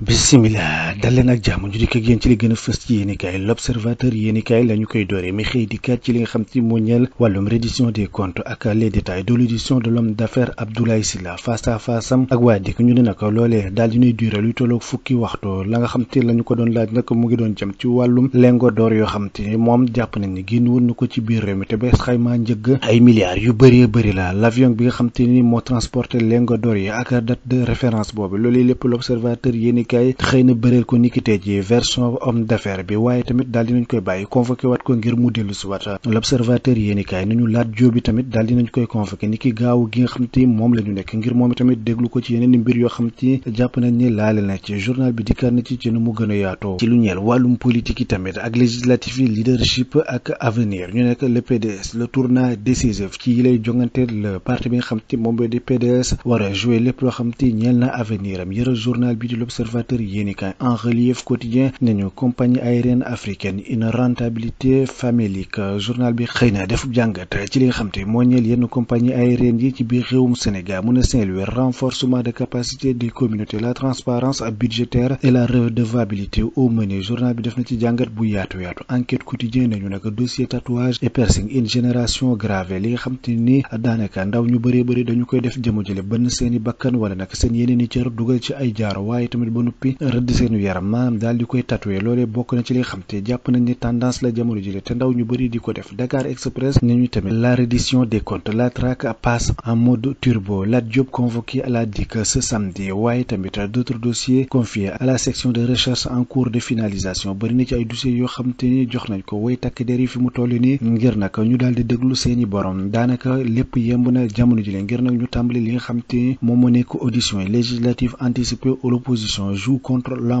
bisimilah. dal ak jàmm ñu dikk ak yéen ci li gën a fës l'observateur yéenikaay la koy dooree mi xëy dikkaat ci li nga xam te moo ñeel wàllum reddition des comptes ak les détails de l'audition de l'homme d'affaires Abdoulaye Sylla face à face am ak waa dikk ñu ne nag loolee daal di ñuy durer lu fukki waxtu la nga xam te la ñu ko doon laaj nag mu ngi doon jëm ci wàllum lingot door yoo xam te moom jàpp nañ ni génn woon na ko ci biir réew mi te bees xaymaa ay milliards yu bëree bëri la l'avion bi nga xam te ni moo transporté lingot d'or yi ak date de référence boobu loolu lépp l'observateur yéenikaay na ko niki tey ji version homme d'affaires bi waaye tamit daal dinañ koy bàyyi convoqué waat ko ngir mu dellu si waat l'observateur yéeni kaay nañu laat jóob bi tamit daal dinañ koy convoqué niki gaaw gi xam te moom la nekk ngir moom tamit déglu ko ci yeneen i mbir yoo xam te jàpp nañ ne laale na ci journal bi dikkaat na ci ci mu gën a yaatoo ci lu ñeel wàllum politique yi tamit ak législatif yi leadership ak avenir ñu nekk le PDS le tournant décisif ci yi lay jongante le parti bi xam te moom di lépp loo xam te ñeel na avenir am yëral journal bi di l'observateur yéeni kaay en relief quotidien nañu compagnie aérienne africaine une rentabilité famélique journal bi xëy na def jàngat ci li nga xam te moo ñeel yenn compagnie aérienne yi ci biir réewum Sénégal mu ne saint renforcement de capacité des communautés la transparence budgétaire et la redevabilité au menu journal bi def na ci jàngat bu yaatu yaatu enquête quotidien nañu nag dossier tatouage et piercing une génération grave li nga xam te ni daanaka ndaw ñu bëree bëri dañu koy def jëmu jële seen i bakkan wala nag seen yeneen i cër yaram maanaam daal di koy tatoué loolee bokk na ci li xam jàpp nañ ne tendance la jamono jile te ndaw ñu bëri di ko def Dakar Express nañu tamit la reddition des comptes la traque passe en mode turbo Lat Diop convoqué à la DIC ce samedi waaye tamit d'autres dossiers confiés à la section de recherche en cours de finalisation bëri na ci ay dossiers yoo xam te ni jox nañ ko way takk der yi fi mu toll nii ngir nag ñu daal di seeni borom daanaka na ñu tàmbali li nga xam te ni moom moo nekk audition législative anticipée où l'opposition joue contre la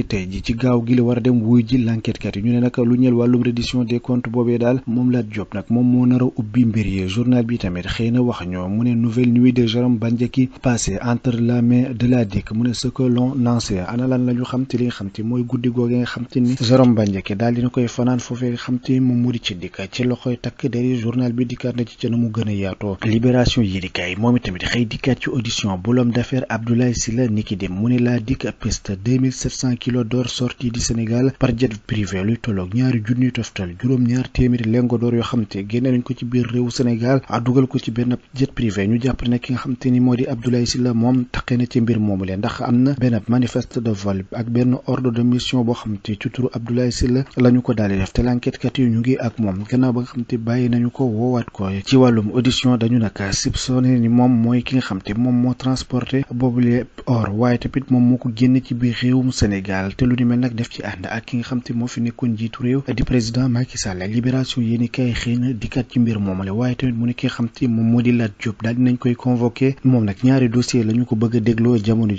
ki tey ji ci gaaw gi la war a dem wuy ji l'enquêtekat yi ñu ne nag lu ñeel wàllum reddition des comptes boobee daal moom Lat Diop nag moom moo nar a ubbi mbir yi journal bi tamit xëy na wax ñoo mu ne nouvelle nuit de Jérôme Bandiaky passé entre la main de la DIC mu ne ce l'on lancé ana lan xam te xam te mooy guddi googe nga xam te ni Jérôme Bandiaky daal dina koy fanaan foofee nga xam te mu di ci dikk ci loxoy takk dari journal bi dikkaat na a kilo d'or sorti du Sénégal par jet privé luy xam te ko ci ni moo di Abdoulaye Sylla na ci mbir moomu leen ndax am na benn manifeste de vol ak benn xam te la ko daal def te l'enquête kat yi ñu ngi ak moom gannaaw ba nga xam te bàyyi nañu ko woowaat ko ci wàllum audition dañu naka sib soné ni moom mooy ki nga xam te moom moo transporté boobule or waaye tamit moom moo ko génn ci biir réewum Sénégal Sénégal te lu ni mel nag def ci ànd ak ki nga xam te moo fi nekkoon jiitu réew di président Macky Sall libération yéeni kaay xëy na dikkaat ci mbir moomale waaye tamit mu ne ki nga xam te moom moo di Lat Diop daal dinañ koy convoqué la ñu ko bëgg a dégloo jamono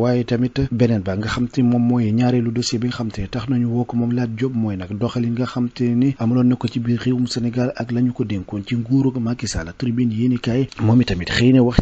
waaye tamit beneen ba nga xam te moom mooy ñaareelu dossier bi nga xam te tax nañu woo ko moom Lat Diop mooy nag doxalin nga xam te ni amaloon na ko ci biir réewum Sénégal ak la ñu ko dénkoon ci nguuru Macky Sall tribune yéeni kaay moom itamit xëy wax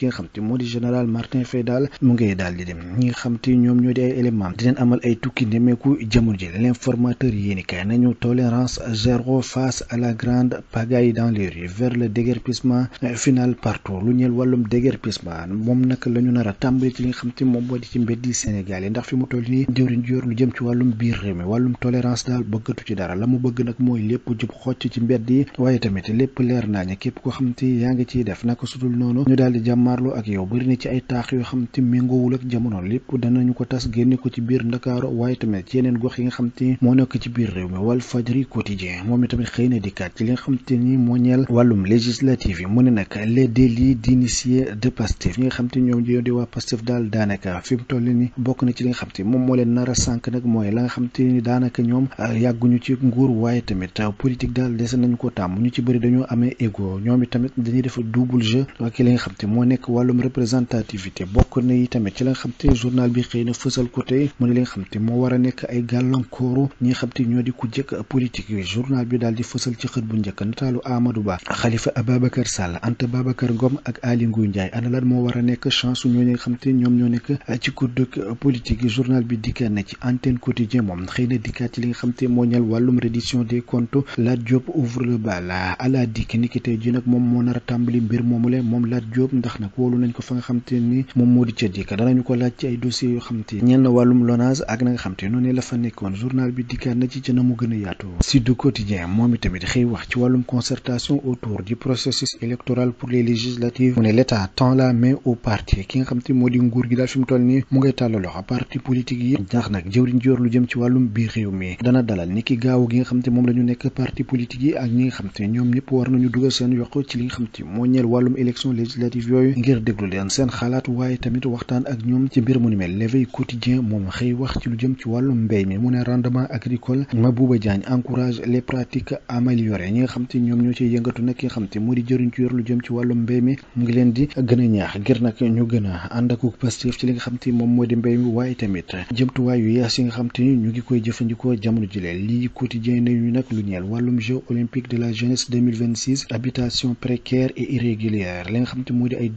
ki nga xam te moo lu ñeel wàllum déguerpissement moom nag la ñu nar a tàmbali ci li nga xam te moom moo di ci mbeddi Sénégal yi ndax fi mu toll nii jëwriñ ji lu jëm ci wàllum biir réew wàllum tolérance daal bëggatu ci dara la mu bëgg nag mooy lépp jub xocc ci mbedd waaye tamit lépp leer naa ñi képp ko xam yaa ngi ciy def naka sudul noonu ñu daal jàmm jàmmaarloo ak moom i tamit xëy na dikkaat ci li nga xam te ni moo ñeel wàllum législative yi mu leen nar a nag mooy la nga xam ni daanaka ñoom euh, yàgguñu ci nguur waaye tamit politique daal dese nañu ko tàmm ñu ci bëri dañoo amee égo ñoom i tamit dañuy double jeu ak li nga xam nekk wàllum représentativité bokk na yi tamit ci la nga journal bi xëy na fësal ko tey mu ne li nga xam moo war a nekk ay gàllankooru ñi nga xam te ñoo di ku jëkk politique yi journal bi daal di fësal ci xët bu njëkk nataalu Amadou Ba Khalifa Ababacar Sall Anta Babacar Ngom ak Aly Ngouille Ndiaye ana moo war a nekk chance ñoo xam te ñoom ñoo nekk ci ku dëkk bi dikkaat na ci antenne quotidien moom xëy na dikkaat ci li nga xam te moo ñal wàllum reddition des comptes Lat Diop ouvre le bal ala dikk ni ji nag moom moo nar a tàmbali mbir moomule moom Lat Diop ndax nag wóolu nañ ko fa nga xam te ni moom moo di ca dikk danañu ko laaj ci ay dossiers yoo xam te ñeel na wàllum lonage ak na nga xam te noonu la fa nekkoon journal bi dikkaat pour les législatives mu la main au parti ki nga xam te moo di nguur gi daal fi mu toll nii mu ngay tàllal yi ndax nag jëwriñ joor lu jëm ci wàllum biir réew mi dana dalal ni ki gaaw gi nga xam te moom la ñu nekk parti politique yi ak ñi nga xam te ñoom ñëpp war nañu dugal seen yokk ci li nga xam te moo ñeel wàllum élection législative yooyu yooyu ngir déglu leen seen xalaat waaye tamit waxtaan ak ñoom ci mbir mu ni mel l'éveil quotidien moom xëy wax ci lu jëm ci wàllu mbéy mi mu ne rendement agricole Mabouba Diagne encourage les pratiques améliorées ñi nga xam ñoom ñoo ciy yëngatu nag ki nga moo di jëriñ ci yor lu mi mu ngi leen di gën ñaax ngir nag ñu gën ànd ak pastif ci li nga xam moom moo di mbéy mi waaye tamit jëmtuwaay yu yees yi nga xam ñu ngi koy jëfandikoo jamono jilee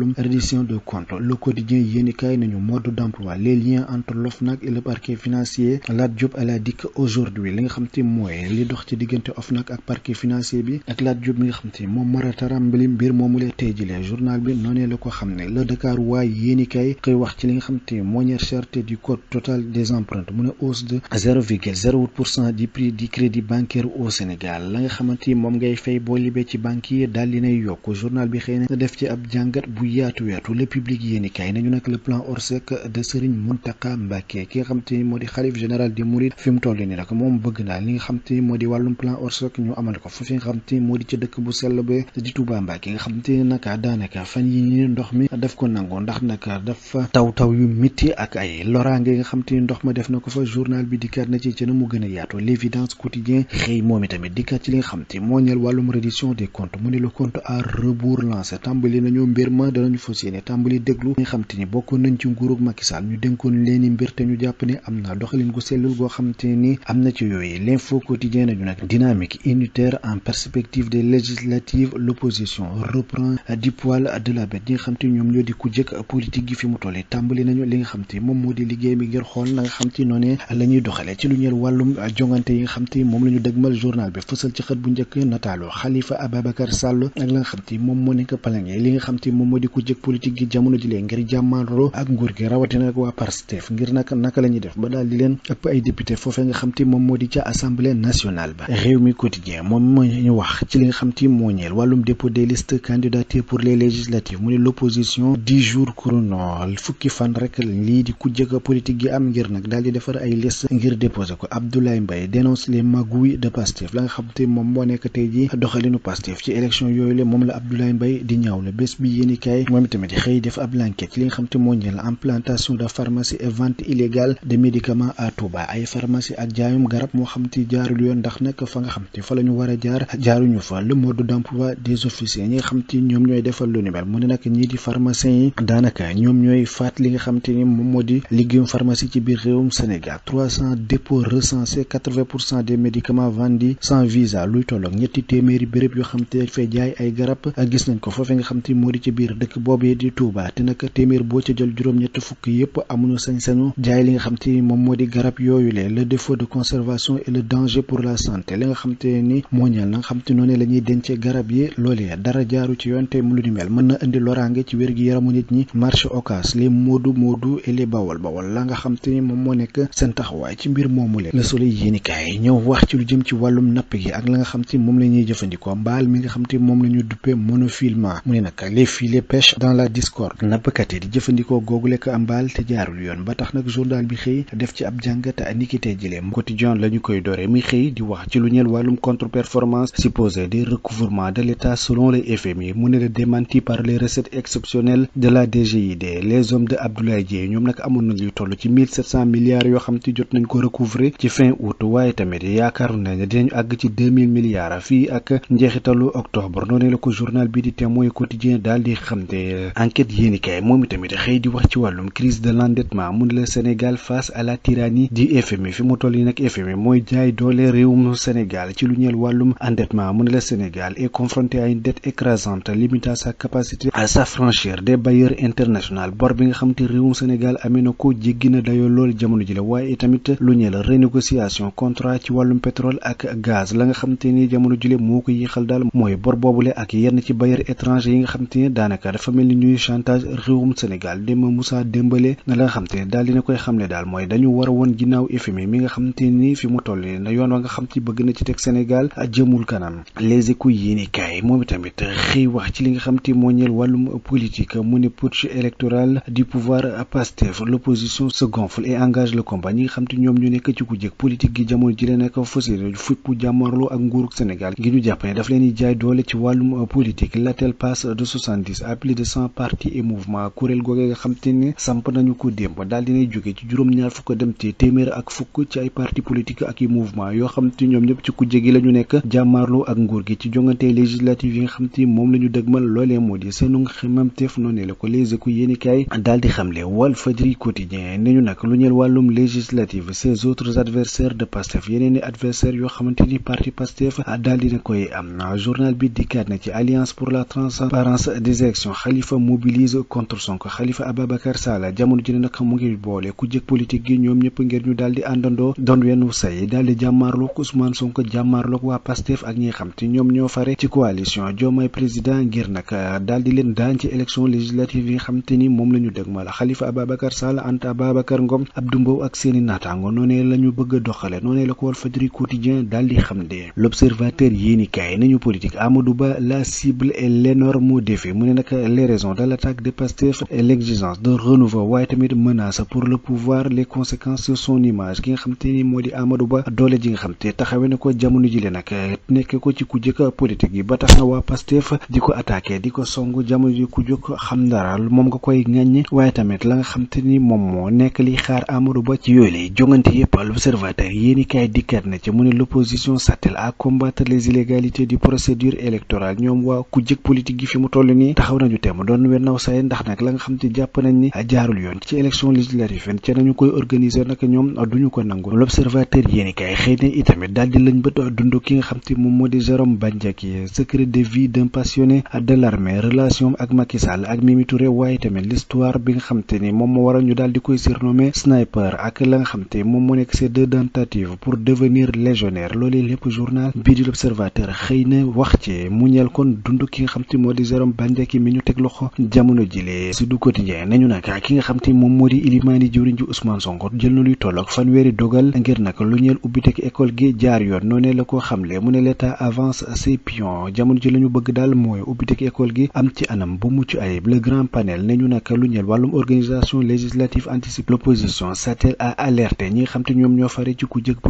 wàllum reddition de compte le nañu mode d'emploi les liens entre l'OFNAC et le financier Lat Diop la DIC aujourd'hui li nga xam te mooy li dox ci diggante OFNAC ak parquet financier bi ak Lat Diop mi nga xam te moom mara tarambali mbir moomu la tey jile journal bi noonee la ko xam ne le Dakar waay yéenikaay koy wax ci li nga xam te mooñeer cherté du code total des empreintes mu ne hausse de zéro prix du crédit bancaire au Sénégal la nga xamante moom ngay fay boo libee ci banque yi daal di nay yokk journal bi xëy na def ci ab jàngat bu yaatu yaatu le public yéeni kaay nañu nag le plan Orsec de Serigne Mountakha Mbacké ki nga xam moo di xalif général des mourides fi mu toll nii nag moom bëgg naa nga xam moo di ca dëkk bu sell ba di Touba Mbacké nga xam te daanaka fan yi nii ndox mi daf ko nangoo ndax nag dafa taw taw yu mitti ak ay loraange nga xam ndox ma def na ko fa journal bi dikkaat na ci ci na mu gën a yaatu l'évidence quotidien xëy moom itamit dikkaat ci li nga xam te danañu fas yéene tàmbali déglu nga xam ni bokkoon nañ ci nguurug Macky ñu dénkoon leen mbir te ñu jàpp ne am na doxalin gu sellul goo xam ni am na ci yooyu l'info quotidien nañu nag dynamique unitaire en perspective des législatives l'opposition reprend du poil de la bête nga xam ñoom ñoo di ku jëkk gi fi mu tolli tàmbali nañu li nga xam moom moo di liggéey bi ngir xool na nga xam noonee la ñuy ci lu ñeel wàllum jongante yi nga xam ku jëkk politique gi jamono ji lee ngir jàmmaarloo ak nguur gi rawatina waa Pastef ngir naka naka la ñuy def ba daal di leen ëpp ay député foofee nga xam te moom moo di ca assemblée nationale ba réew mi quotidien moom moo ñu wax ci li nga xam te moo ñeel wàllum dépôt des listes candidatures pour les législatives mu ne l'opposition dix jours chrono fukki fan rek lii di ku jëkk politique gi am ngir nag daal di defar ay liste ngir déposé ko Abdoulaye Mbaye dénonce les magouilles de Pastef la xam te moom moo nekk tey ji doxalinu Pastef ci élection yooyu le moom la Abdoulaye Mbaye di ñaaw kaay moom itamit xëy def ab lanket ci li nga xam te moo implantation de pharmacie et vente de médicaments à Touba ay pharmacie ak jaayum garab moo xam jaarul yoon ndax nag fa nga xam fa la ñu a jaar jaaruñu fa le mode d'emploi des officiers ñi nga xam ñoom ñooy defal lu mel mu ne nag ñii di pharmaciens yi daanaka ñoom ñooy faat li nga xam te liggéeyum pharmacie ci biir réewum Sénégal trois cent dépôts recensés quatre-vingts dëkk boobee di Touba te nag téeméer boo ca jël juróom-ñett fukk yëpp amuñu sañ-sañu jaay li nga xam te ni moom moo di garab yooyu le le défaut de conservation et le danger pour la santé li nga xam te ni moo ñeel na nga xam noonu la ñuy dencee garab yi loolee dara jaaru ci yonte te mu lu ni mel mën na indi loraange ci wér gi yaramu nit ñi marché occas les moodu moodu et les bawal bawal la nga xam te ni moom moo nekk seen taxawaay ci mbir moomu le soleil yéenikaay ñëw wax ci lu jëm ci wàllum napp gi ak la nga xam te moom la ñuy jëfandikoo mbaal mi nga xam te moom la ñu duppee monofilament mu ne nag les pêche dans la discorde nappkat yi di jëfandikoo googule ko ambaal te jaarul yoon ba tax nag journal bi xëy def ci ab jàngat niki tey jëlee quotidien la koy dooree mi xëy di wax ci lu ñeel wàllum contre-performance supposée des recouvrements de l'État selon les FMI mu ne la démenti par les recettes exceptionnelles de la DGID les hommes de Abdoulaye Dièye ñoom nag amoon nañ lu toll ci milliards yoo xam te jot nañ ko recouvrer ci fin août waaye tamit yaakaaru fondé enquête yéenikaay moom itamit xëy di wax ci wàllum crise de l'endettement mun la Sénégal face à la tyrannie du FMI fi mu toll yi nag FMI mooy jaay doole réewum Sénégal ci lu ñeel wàllum endettement mun la Sénégal est confronté à une dette écrasante limitant sa capacité à s'affranchir des bailleurs internationaux bor bi nga xam te réewum Sénégal amee na ko jéggi na dayoo lool jamono ji la waaye itamit lu ñeel renégociation contrat ci wàllum pétrole ak gaz la nga xam te ni jamono jile moo ko yéexal daal yi nga xam te dafa mel ni ñuy chantage réewum Sénégal démb Moussa Dembélé na la nga xam te ne daal dina koy xamle daal mooy dañu war a woon ginnaaw FMI mi nga xam ni fi mu toll na yoon wa nga xam bëgg na ci teg Sénégal jëmul kanam les échos moom tamit xëy wax ci li nga xam te moo ñeel wàllum politique mu ne putsch électoral du pouvoir Pastef l'opposition se gonfle et engage le combat ñi nga xam te ñoom ñu nekk ci ku jëkk gi jamono ji la nekk fasile fippu plus et mouvement kuréel googe nga xam te samp nañu ko démb daal dinay jóge ci juróom-ñaar fukk dem ci téeméer ak fukk ci ay parti politique ak i mouvement yoo xam ñoom ñëpp ci kujje gi la nekk jàmmaarloo ak nguur gi ci jongante législative yi nga xam moom la ñu dëgmal loolee moo seenu xemamteef noonee la ko législative ses autres adversaires de Pastef yeneen adversaires yoo xamante ni parti Pastef daal dina koy am na ci coalition Khalifa mobilise contre Sonko Khalifa Ababacar Sall jamono ji ne nag mu ngi boole ku jëkk politique gi ñoom ñëpp ngir ñu daal di àndandoo doon wenn say daal di jàmmaarloog Ousmane Sonko jàmmaarloog waa Pastef ak ñi xam te ñoom ñoo fare ci coalition Diomaye président ngir nag euh, daal leen daan ci élection législative yi xam te ni moom la ñu dëgmal Khalifa Ababacar Sall Anta Ababacar Ngom Abdou Mbow ak seeni naataango noonee la bëgg a doxale noonee les raisons de l'attaque de Pastef et l'exigence de renouveau waaye tamit menace pour le pouvoir les conséquences son image ki nga xam te ni moo di Amadou Ba doole ji nga xam te taxawee na ko jamono ji le nag nekk ko ci ku jëkk politique yi ba tax na waa Pastef di ko attaqué di ko song jamono ji ku jóg xam dara moom nga koy ŋaññi waaye tamit la nga xam te ni moom moo nekk liy xaar Amadou Ba ci yooyu lay jongante yëpp l'observateur yéen i kaay na ci mu ne l'opposition s'attelle nañu temm doon wennaw say ndax nag la nga xam te jàpp nañ ni jaarul yoon ci élection législative ca nañu koy organiser nag ñoom duñu ko nangu l'observateur yéeni kaay xëy na itamit daal di lañ ki nga xam moom moo di Jérôme Bandiaky secret de vie d'un de l'armée relation ak Macky ak Mimi Touré waaye tamit l'histoire bi nga xam ni moom moo waral ñu daal koy surnommé sniper ak la nga xam moom moo nekk ces deux tentatives pour mi ñu teg loxo jamono jilee si du quotidien nañu nag ki nga xam moom moo di ilimaani ji Ousmane Sonko jël na luy tolloog fanweeri dogal ngir nag lu ñeel ubbi teg école gi jaar yoon noonee la ko xamle mu ne l'état avance ses pions jamono ji la bëgg daal mooy ubbi teg école gi am ci anam bu mucc ayib le grand panel nañu nag lu ñeel wàllum organisation législative anticipe l'opposition s'attelle à alerter ñi nga ñoom ñoo fare ci ku jëkk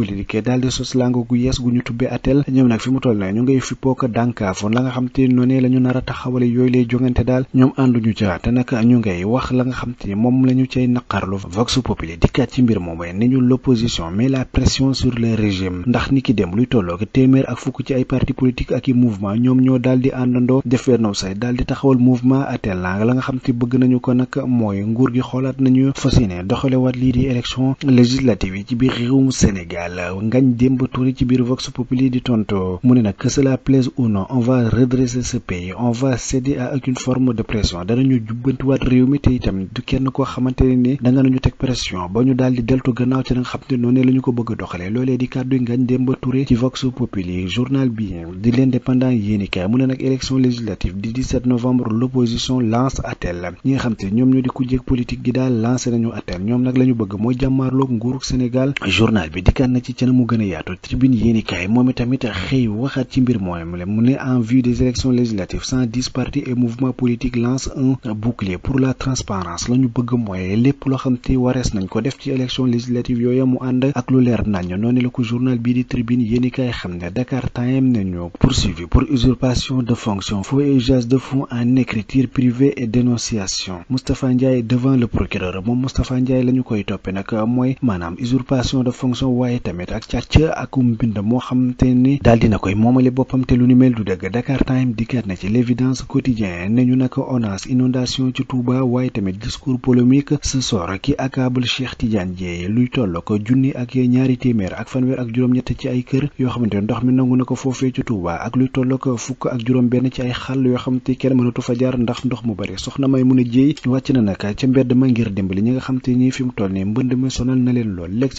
la nga xamante daal ñoom ànduñu ca te nag ñu ngay wax la nga xam te ni moom la ñu cay naqarlu vox populi dikkaat ci mbir moomee ni ñu l'opposition mais la pression sur le régime ndax ni dem luy tollooke téeméer ak fukk ci ay parti politique ak i mouvement ñoom ñoo daal di àndandoo def benn say daal taxawal mouvement attelang la nga xam bëgg nañu ko nag mooy nguur gi xoolaat nañu fas yéene doxalewaat lii di élection législative yi ci biir réewum Sénégal ngañ forme de pression danañu jubbantiwaat réew mi te itam du kenn koo xamante ni da nga nañu teg pression ba ñu daal deltu gannaaw ci nga xam ne noonu la ñu ko bëgg a doxalee di kàddu ngañ Demba Touré ci Vox Populi journal bi di l'indépendant yéeni mu ne nag élection législative di novembre l'opposition lance appel ñi nga xam te ñoom ñoo di kujjeeg politique gi daal lancé nañu appel ñoom nag la bëgg mooy jàmmaarloog nguurug Sénégal journal mouvement politique lance un bouclier pour la transparence la ñu bëgg mooy lépp loo xam te warees nañ ko def ci élection législative yooya mu ànd ak lu leer nañ noonu la ko journal bii di tribune yéen i xam ne Dakar Time nañu poursuivi pour usurpation de fonction faux et usage de fonds en écriture privée et dénonciation Moustapha Ndiaye devant le procureur moom Moustapha Ndiaye la ñu koy toppee nag mooy maanaam usurpation de fonction waaye tamit ak càcc ak mbind moo xam te ni daal dina koy ni mel na ci l'évidence quotidien ne ñu naka ONAS inondation ci Touba waaye tamit discours polémique ce soir ki accable Cheikh Tidiane Dièye luy toll ko junni ak ñaari téeméer ak fanweer ak juróom-ñett ci ay kër yoo xamante ne ndox mi nangu na ko foofee ci Touba ak luy toll ko fukk ak juróom benn ci ay xàll yoo xamante kenn mënatu fa jaar ndax ndox mu bari soxna may mun a jéey wàcc na naka ca mbedd ma ngir dimbali ñi nga xamante ni fi mu toll ni mbënd mi sonal na leen lool l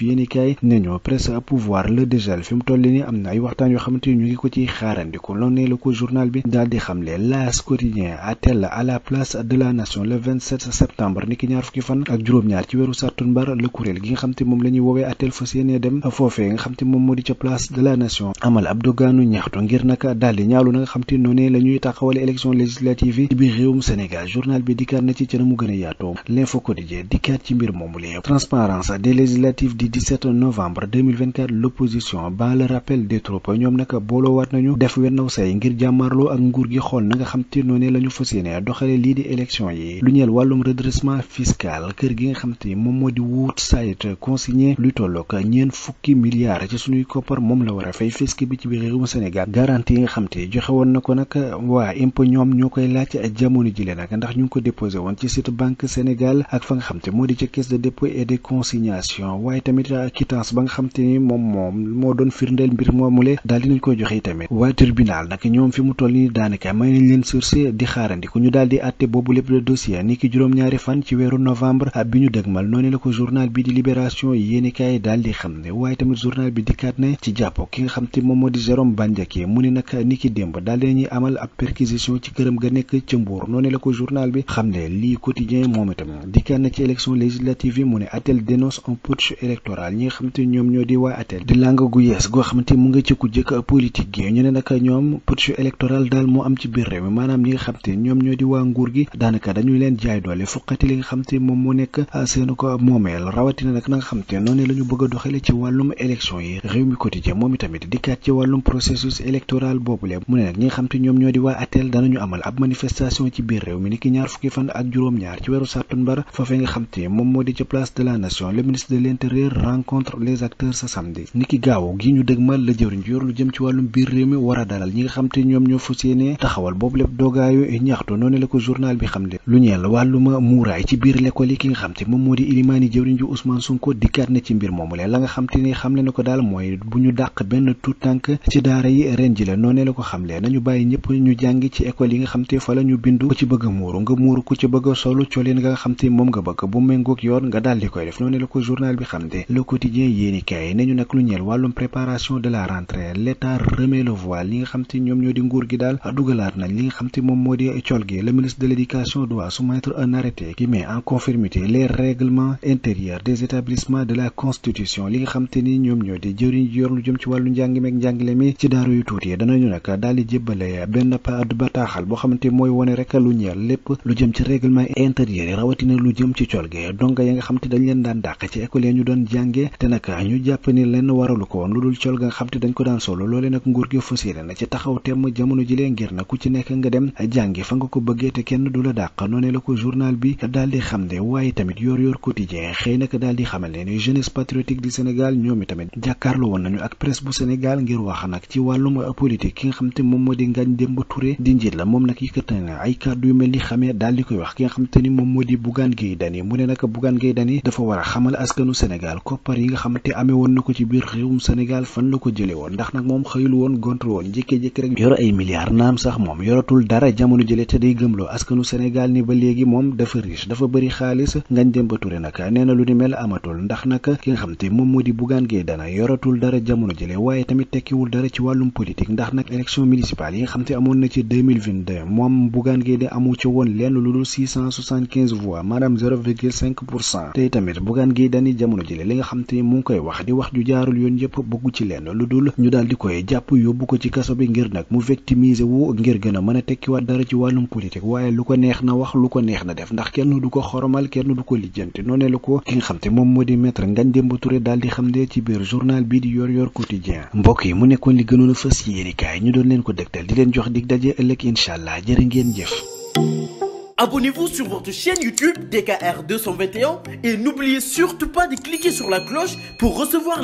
yéeni kaay ne ñu presse à pouvoir le dégel fi mu ni am na ko ciy xaarandiku quotidien à la place de la nation le septembre niki ñaar fukki fan ak juróom-ñaar ci weeru sàttumbar la kuréel gi nga xam moom la ñuy woowee atel fas dem foofee nga xam moom moo di ca place de la nation amal ab dogaanu ñaxtu ngir naka daal ñaalu na nga xam te noonee taxawale élection législative yi ci réewum Sénégal journal bi dikkaat na ci ca na mu gën a yaatoo l'info quotidien dikkaat ci mbir moomu lee transparence des législatives du 17 noonee la ñu fas yéene doxale lii di élection yi lu ñeel wàllum redressement fiscal kër gi nga xamante ni moom moo di Woodside consigné luy tolloog ñeent fukki milliards ci suñuy koppar moom la war a fay fisc bi ci biir réewum Sénégal garantie nga xam te joxe woon na ko nag waa impôt ñoom ñoo koy laaj jamono ji leen nag ndax ñu ngi ko déposé woon ci site banque Sénégal ak fa nga xam te moo di ca caisse de dépôt et de consignation tamit quittance ba nga xam te ni moom moom moo doon firndeel mbir moomule daal dinañ koy joxe tamit waaye mu toll nii daanaka may nañ yi di xaarandiku ñu daal àtte boobu lépp le dossier ni juróom-ñaari fan ci weeru novembre ah, bi ñu dëgmal noonu la ko journal bi di libération yéenekaay daal xam ne waaye tamit journal bi dikkaat ne ci jàpp ki nga xam moom moo di Jérôme Bandiaky mu ne nag ni démb daal nañuy amal ab perquisition ci këram ga nekk ca Mbour noonu la ko journal bi xam ne lii quotidien moom itam dikkaat na ci élection législative yi mu ne ATEL dénonce un putsch électoral ñi nga xam ñoom ñoo di waa nguur gi daanaka dañuy leen jaay doole fuqati li nga xam moom moo nekk ah, seen ko moomeel rawatina nag na nga xam te noonu la ñu ci wàllum élection yi réew mi quotidien ñaar fukki fan ak juróom-ñaar ci weeru sàttumbar foofee nga xam moom moo di ca place de la nation le de l'intérieur rencontre les acteurs ce samedi ni ki gi ñu dëgmal la jëwriñ ji lu jëm ci wàllum biir réew mi war dalal ñi nga xam te toogaayu ñaxtu noonu lu ñeel wàlluma muuraay ci biir l'école yi ki nga xam moom moo di ilimaani jëwriñ ji Ousmane Sonko dikkaat na ci mbir moomu la la nga xam ni xam na ko daal mooy bu ñu dàq benn tout tànk ci daara yi ren ji la noonu la ko xam nañu bàyyi ñëpp ñu jàngi ci école yi nga xam fa la ñu ku ci bëgg muuru nga muuru ku ci bëgg solu colin nga xam moom nga bëgg bu méngoog yoon nga daal koy def noonu la ko journal bi xam te le moom moo di col gi le ministre de l'éducation doit soumettre un arrêté qui met en conformité les règlements intérieurs des établissements de la constitution li nga xam ni ñoom ñoo di jëriñ yor lu jëm ci wàllu njàng meeg njàngile mi ci daaru yu tuuti danañu nag daal di jébbale benn pad bataaxal boo xamante mooy wone rek lu ñeel lépp lu jëm ci règlement intérieur yi rawatina lu jëm ci col gi donga ya nga xam te dañ leen daan dàq ci école yi doon jànge nag ñu jàpp ni leen waralu ko woon lu dul col nga xam te dañ ko daan solo loolee nag nguur gi fas ci taxaw temm jamono ji ngir na ku ci nekk nga dem jàngi fa nga ko bëggee te kenn du la dàq noonee la ko journal bi daal di xam ne waaye tamit yor yor quotidien xëy naka daal di xamal ne ne jeunesse patriotique du Sénégal ñoom itamit jàkkaarloo woon nañu ak presse bu Sénégal ngir wax nag ci wàllum politique ki nga xam te moom moo di Ngagne Demba Touré di njiit la moom nag yëkkati na ay kàddu yu mel ni xamee daal di koy wax ki nga xam te ni moom moo di Bougane Gueye Dany mu ne nag Bougane Gueye Dany dafa war a xamal askanu Sénégal koppar yi nga xam amee woon na ko ci biir réewum Sénégal fan la ko jële woon ndax nag moom xëyul woon gontul woon jékkee-jékki rek yor ay milliards naam sax moom yoratul dara dara jamono jële te day gëmloo askanu Sénégal ni ba léegi moom dafa riche dafa bëri xaalis Ngagne Demba Touré nag lu ni mel amatul ndax nag ki nga xam moom moo di Bougane Gueye Dany yoratul dara jamono jële waaye tamit tekkiwul dara ci wàllum politique ndax nag élection municipale yi nga xam amoon na ci moom Bougane Gueye Dany amu ci woon lenn lu dul 675 voix pour cent tey tamit Bougane Gueye Dany jamono jële li nga xam mu ngi koy wax di wax ju jaarul yoon yëpp bëggu wa dara ci wàllum politique waaye lu ko neex na wax lu ko neex na def ndax kenn du ko xoromal kenn du ko lijjanti noonee la ko ki xam te moom moo di maître Ngagne Demba Touré daal di xam ne ci biir journal bii di yor yor quotidien mbokk yi mu nekkoon li gënoon a fës ci yéenikaay ñu doon leen ko dégtal di leen jox dig daje ëllëg incha allah ngeen jëf Abonnez-vous sur votre chaîne YouTube DKR et n'oubliez surtout pas de cliquer sur la cloche pour recevoir